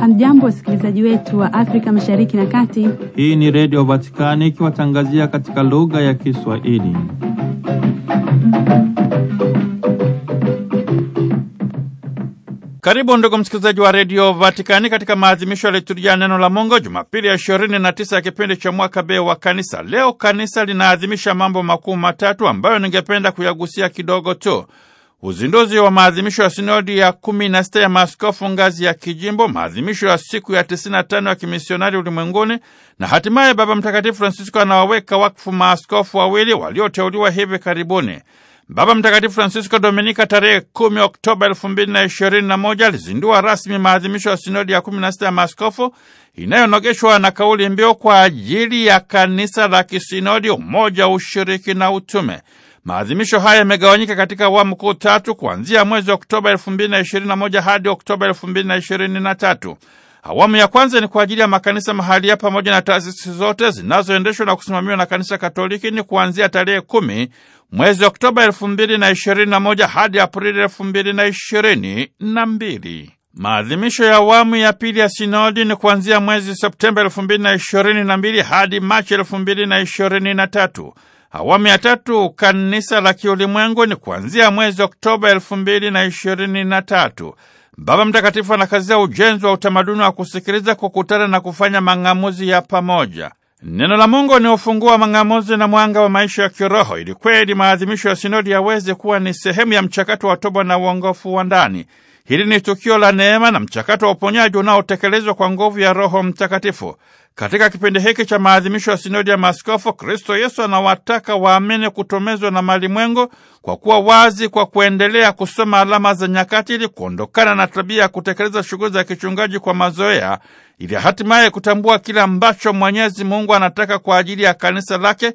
Hamjambo, wasikilizaji wetu wa Afrika Mashariki na Kati. Hii ni Redio Vatikani ikiwatangazia katika lugha ya Kiswahili. Karibu ndugu msikilizaji wa redio Vatikani katika maadhimisho ya liturujia neno la Mungu, Jumapili ya 29 ya kipindi cha mwaka B wa kanisa. Leo kanisa linaadhimisha mambo makuu matatu ambayo ningependa kuyagusia kidogo tu uzinduzi wa maadhimisho ya sinodi ya 16 ya maaskofu ngazi ya kijimbo, maadhimisho ya siku ya 95 ya kimisionari ulimwenguni, na hatimaye Baba Mtakatifu Francisco anawaweka wakfu maaskofu wawili walioteuliwa hivi karibuni. Baba Mtakatifu Francisco Dominika tarehe 10 Oktoba 2021 alizindua rasmi maadhimisho ya sinodi ya 16 ya maaskofu inayonogeshwa na kauli mbiu kwa ajili ya kanisa la kisinodi, umoja, ushiriki na utume. Maadhimisho haya yamegawanyika katika awamu kuu tatu kuanzia mwezi Oktoba 2021 hadi Oktoba 2023. Awamu ya kwanza ni kwa ajili ya makanisa mahalia pamoja na taasisi zote zinazoendeshwa na kusimamiwa na Kanisa Katoliki ni kuanzia tarehe kumi mwezi Oktoba 2021 hadi Aprili 2022. Maadhimisho ya awamu ya pili ya sinodi ni kuanzia mwezi Septemba 2022 hadi Machi 2023. Awamu ya tatu kanisa la kiulimwengu ni kuanzia mwezi Oktoba elfu mbili na ishirini na tatu. Baba Mtakatifu anakazia ujenzi wa utamaduni wa kusikiliza, kukutana na kufanya mang'amuzi ya pamoja. Neno la Mungu ni ufunguo wa mang'amuzi na mwanga wa maisha ya kiroho, ili kweli maadhimisho ya sinodi yaweze kuwa ni sehemu ya mchakato wa toba na uongofu wa ndani. Hili ni tukio la neema na mchakato wa uponyaji unaotekelezwa kwa nguvu ya Roho Mtakatifu. Katika kipindi hiki cha maadhimisho ya sinodi ya maaskofu, Kristo Yesu anawataka waamini kutomezwa na malimwengu kwa kuwa wazi, kwa kuendelea kusoma alama za nyakati, ili kuondokana na tabia ya kutekeleza shughuli za kichungaji kwa mazoea, ili hatimaye kutambua kile ambacho Mwenyezi Mungu anataka kwa ajili ya kanisa lake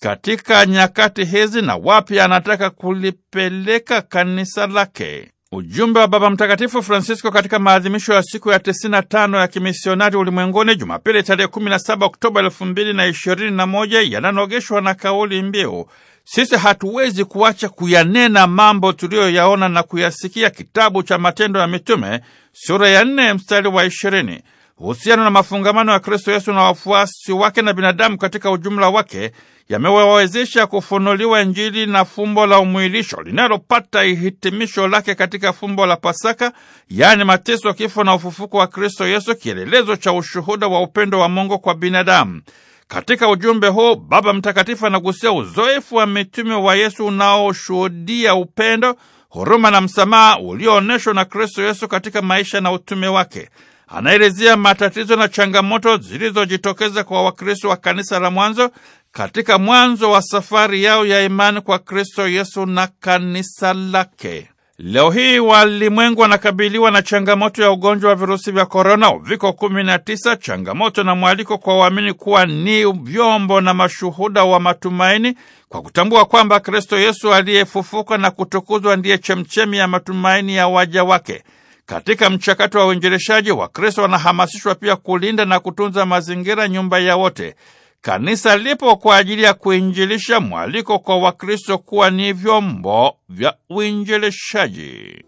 katika nyakati hizi na wapi anataka kulipeleka kanisa lake. Ujumbe wa Baba Mtakatifu Francisco katika maadhimisho ya siku ya 95 ya kimisionari ulimwenguni Jumapili tarehe 17 Oktoba 2021 yananogeshwa na kauli mbiu sisi hatuwezi kuacha kuyanena mambo tuliyoyaona na kuyasikia, kitabu cha Matendo ya Mitume sura ya 4 mstari wa 20 uhusiano na mafungamano ya Kristo Yesu na wafuasi wake na binadamu katika ujumla wake yamewawezesha kufunuliwa Injili na fumbo la umwilisho linalopata hitimisho lake katika fumbo la Pasaka, yaani mateso, kifo na ufufuko wa Kristo Yesu, kielelezo cha ushuhuda wa upendo wa Mungu kwa binadamu. Katika ujumbe huu Baba Mtakatifu anagusia uzoefu wa mitume wa Yesu unaoshuhudia upendo, huruma na msamaha ulioonyeshwa na Kristo Yesu katika maisha na utume wake anaelezea matatizo na changamoto zilizojitokeza kwa Wakristo wa kanisa la mwanzo katika mwanzo wa safari yao ya imani kwa Kristo Yesu na kanisa lake. Leo hii walimwengu wanakabiliwa na changamoto ya ugonjwa wa virusi vya korona, uviko 19, changamoto na mwaliko kwa waamini kuwa ni vyombo na mashuhuda wa matumaini kwa kutambua kwamba Kristo Yesu aliyefufuka na kutukuzwa ndiye chemchemi ya matumaini ya waja wake. Katika mchakato wa uinjilishaji, Wakristo wanahamasishwa pia kulinda na kutunza mazingira, nyumba ya wote. Kanisa lipo kwa ajili ya kuinjilisha, mwaliko kwa Wakristo kuwa ni vyombo vya uinjilishaji.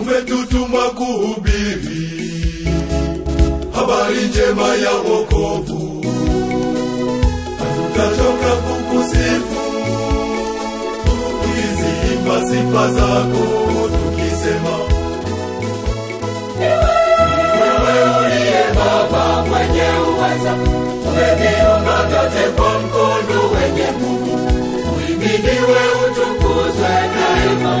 Umetutuma kuhubiri habari njema ya wokovu, hatutachoka kukusifu tukizimba sifa zako tukisema kanisa kwa wenye nguvu utukuzwe daima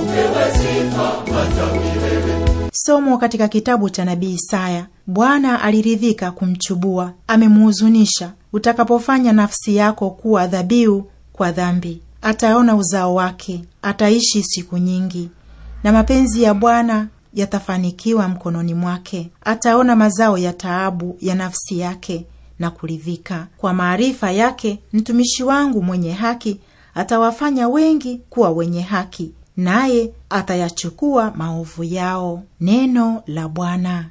upewe sifa hata milele somo katika kitabu cha nabii isaya bwana aliridhika kumchubua amemuhuzunisha utakapofanya nafsi yako kuwa dhabihu kwa dhambi ataona uzao wake ataishi siku nyingi na mapenzi ya bwana yatafanikiwa mkononi mwake. Ataona mazao ya taabu ya nafsi yake na kuridhika. Kwa maarifa yake mtumishi wangu mwenye haki atawafanya wengi kuwa wenye haki, naye atayachukua maovu yao. Neno la Bwana.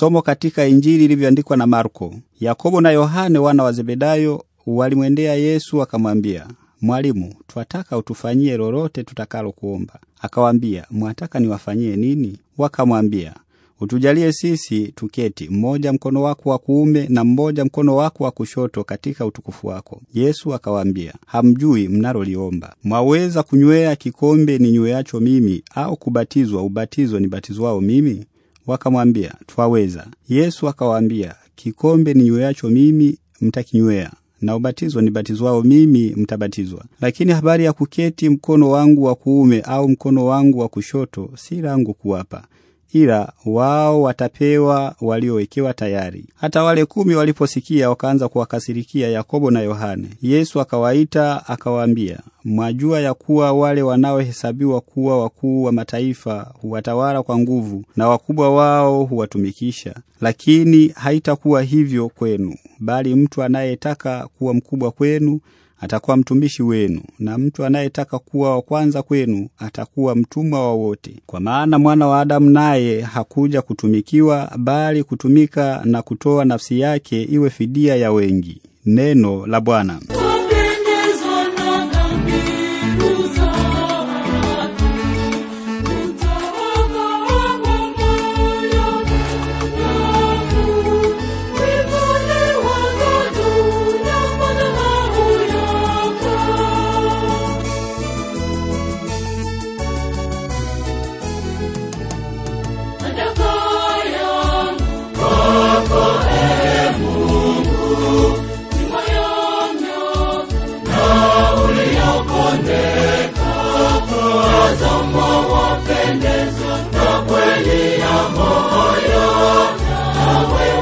Somo katika Injili ilivyoandikwa na Marko. Yakobo na Yohane wana wa Zebedayo walimwendea Yesu wakamwambia, Mwalimu, twataka utufanyie lolote tutakalo kuomba. Akawambia, mwataka niwafanyie nini? Wakamwambia, utujalie sisi tuketi, mmoja mkono wako wa kuume na mmoja mkono wako wa kushoto katika utukufu wako. Yesu akawambia, hamjui mnaloliomba. Mwaweza kunywea kikombe ninyweacho mimi, au kubatizwa ubatizo nibatizwao mimi? Wakamwambia, "Twaweza." Yesu akawaambia, "Kikombe ni nyweyacho mimi mtakinywea na ubatizo nibatizwao mimi mtabatizwa, lakini habari ya kuketi mkono wangu wa kuume au mkono wangu wa kushoto si langu kuwapa ila wao watapewa waliowekewa tayari. Hata wale kumi waliposikia wakaanza kuwakasirikia Yakobo na Yohane. Yesu akawaita akawaambia, mwajua ya kuwa wale wanaohesabiwa kuwa wakuu wa mataifa huwatawala kwa nguvu na wakubwa wao huwatumikisha, lakini haitakuwa hivyo kwenu, bali mtu anayetaka kuwa mkubwa kwenu atakuwa mtumishi wenu, na mtu anayetaka kuwa wa kwanza kwenu atakuwa mtumwa wa wote. Kwa maana mwana wa Adamu naye hakuja kutumikiwa, bali kutumika na kutoa nafsi yake iwe fidia ya wengi. Neno la Bwana.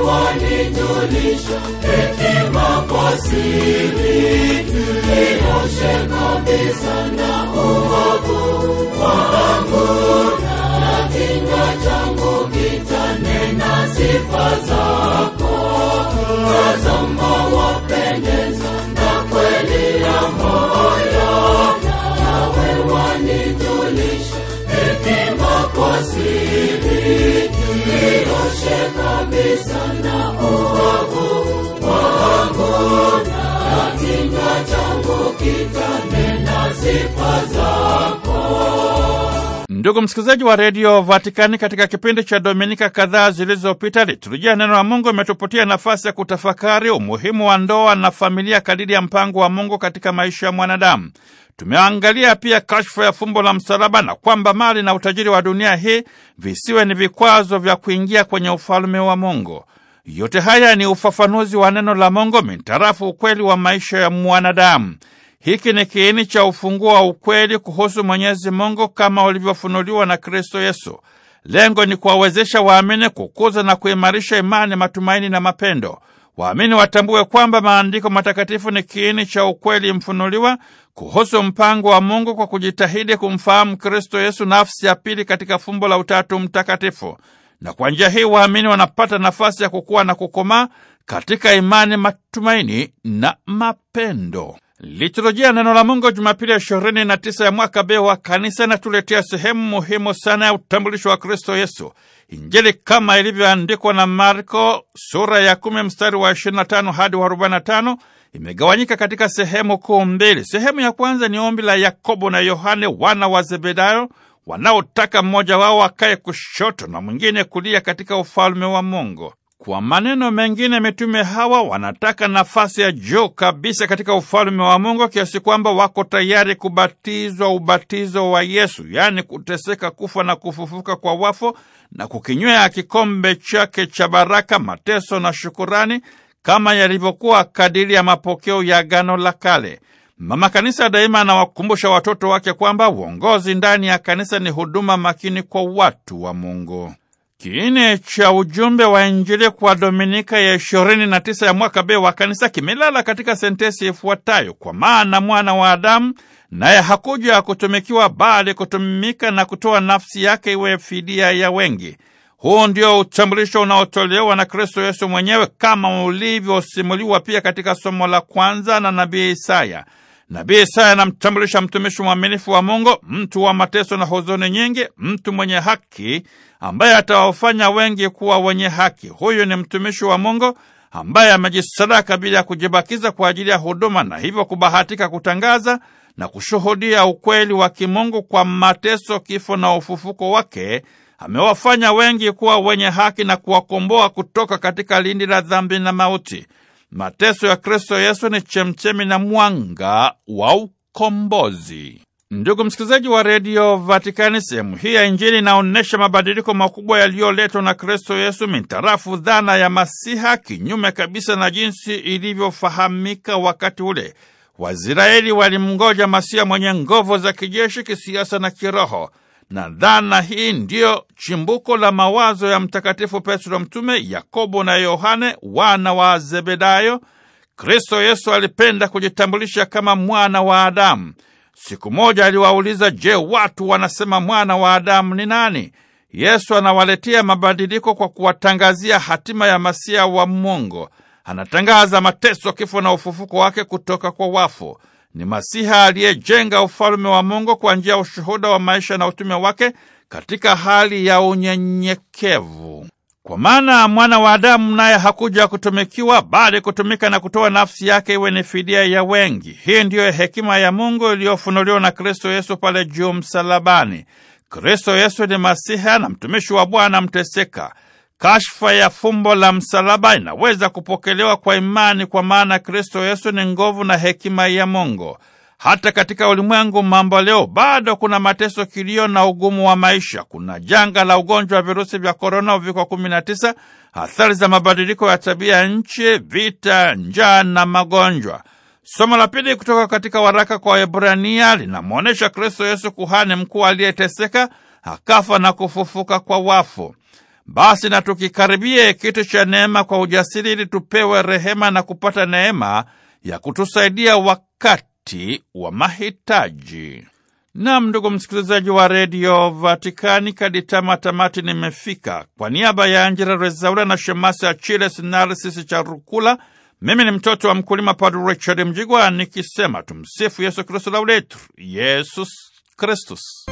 wanijulisha hekima kwa siri iloshe kabisa na uovu wangu na kinywa changu kitanena sifa zako tazama wapendeza na kweli ya moyo nawe wanijulisha hekima kwa siri iloshe kabisa Ndugu msikilizaji wa redio Vatikani, katika kipindi cha dominika kadhaa zilizopita, liturujia neno la Mungu imetupatia nafasi ya kutafakari umuhimu wa ndoa na familia kadiri ya mpango wa Mungu katika maisha ya mwanadamu. Tumeangalia pia kashfa ya fumbo la msalaba na kwamba mali na utajiri wa dunia hii visiwe ni vikwazo vya kuingia kwenye ufalme wa Mungu. Yote haya ni ufafanuzi wa neno la Mungu mintarafu ukweli wa maisha ya mwanadamu. Hiki ni kiini cha ufunguo wa ukweli kuhusu Mwenyezi Mungu kama ulivyofunuliwa na Kristo Yesu. Lengo ni kuwawezesha waamini kukuza na kuimarisha imani, matumaini na mapendo. Waamini watambue kwamba maandiko matakatifu ni kiini cha ukweli mfunuliwa kuhusu mpango wa Mungu kwa kujitahidi kumfahamu Kristo Yesu, nafsi ya pili katika fumbo la Utatu Mtakatifu, na kwa njia hii waamini wanapata nafasi ya kukua na kukomaa katika imani, matumaini na mapendo. Liturujia neno la Mungu Jumapili ya ishirini na tisa ya mwaka B wa Kanisa inatuletea sehemu muhimu sana ya utambulisho wa Kristo Yesu. Injili kama ilivyoandikwa na Marko sura ya kumi mstari wa 25 hadi wa 45 imegawanyika katika sehemu kuu mbili. Sehemu ya kwanza ni ombi la Yakobo na Yohane wana wa Zebedayo wanaotaka mmoja wao akae kushoto na mwingine kulia katika ufalme wa Mungu. Kwa maneno mengine, mitume hawa wanataka nafasi ya juu kabisa katika ufalme wa Mungu kiasi kwamba wako tayari kubatizwa ubatizo wa Yesu, yaani kuteseka, kufa na kufufuka kwa wafu na kukinywea kikombe chake cha baraka, mateso na shukurani, kama yalivyokuwa kadiri ya mapokeo ya Agano la Kale. Mama Kanisa daima anawakumbusha watoto wake kwamba uongozi ndani ya kanisa ni huduma makini kwa watu wa Mungu kine cha ujumbe wa Injili kwa Dominika ya ishirini na tisa ya mwaka B wa Kanisa kimelala katika sentesi ifuatayo: kwa maana mwana wa Adamu naye hakuja kutumikiwa, bali kutumika na kutoa nafsi yake iwe fidia ya wengi. Huu ndio utambulisho unaotolewa na Kristo Yesu mwenyewe kama ulivyosimuliwa pia katika somo la kwanza na nabii Isaya. Nabii Isaya anamtambulisha mtumishi mwaminifu wa Mungu, mtu wa mateso na huzuni nyingi, mtu mwenye haki ambaye atawafanya wengi kuwa wenye haki. Huyu ni mtumishi wa Mungu ambaye amejisadaka bila ya kujibakiza kwa ajili ya huduma na hivyo kubahatika kutangaza na kushuhudia ukweli wa kimungu. Kwa mateso, kifo na ufufuko wake amewafanya wengi kuwa wenye haki na kuwakomboa kutoka katika lindi la dhambi na mauti. Mateso ya Kristo Yesu ni chemchemi na mwanga wa ukombozi. Ndugu msikilizaji wa redio Vatikani, sehemu hii ya Injili inaonyesha mabadiliko makubwa yaliyoletwa na Kristo Yesu mintarafu dhana ya Masiha, kinyume kabisa na jinsi ilivyofahamika wakati ule. Waisraeli walimngoja Masiha mwenye nguvu za kijeshi, kisiasa na kiroho, na dhana hii ndiyo chimbuko la mawazo ya Mtakatifu Petro Mtume, Yakobo na Yohane wana wa Zebedayo. Kristo Yesu alipenda kujitambulisha kama mwana wa Adamu. Siku moja aliwauliza, je, watu wanasema mwana wa Adamu ni nani? Yesu anawaletea mabadiliko kwa kuwatangazia hatima ya Masia wa Mungu. Anatangaza mateso, kifo na ufufuko wake kutoka kwa wafu. Ni Masiha aliyejenga ufalume wa Mungu kwa njia ya ushuhuda wa maisha na utume wake katika hali ya unyenyekevu. Kwa maana mwana wa Adamu naye hakuja kutumikiwa, bali kutumika na kutoa nafsi yake iwe ni fidia ya wengi. Hii ndiyo hekima ya Mungu iliyofunuliwa na Kristo Yesu pale juu msalabani. Kristo Yesu ni Masiha na mtumishi wa Bwana mteseka. Kashfa ya fumbo la msalaba inaweza kupokelewa kwa imani, kwa maana Kristo Yesu ni nguvu na hekima ya Mungu. Hata katika ulimwengu mambo leo bado kuna mateso, kilio na ugumu wa maisha. Kuna janga la ugonjwa wa virusi vya korona, uviko 19, athari za mabadiliko ya tabia ya nchi, vita, njaa na magonjwa. Somo la pili kutoka katika waraka kwa Waebrania linamwonyesha Kristo Yesu kuhani mkuu aliyeteseka, akafa na kufufuka kwa wafu. Basi na tukikaribie kiti cha neema kwa ujasiri, ili tupewe rehema na kupata neema ya kutusaidia wakati wakati wa mahitaji. Nam, ndugu msikilizaji wa redio Vatikani, kaditama tamati nimefika. Kwa niaba ya Angela Rezaula na shemasi Chiles Narsis cha Rukula, mimi ni mtoto wa mkulima Padre Richard Mjigwa nikisema tumsifu Yesu Kristu, lauletu Yesus Kristus.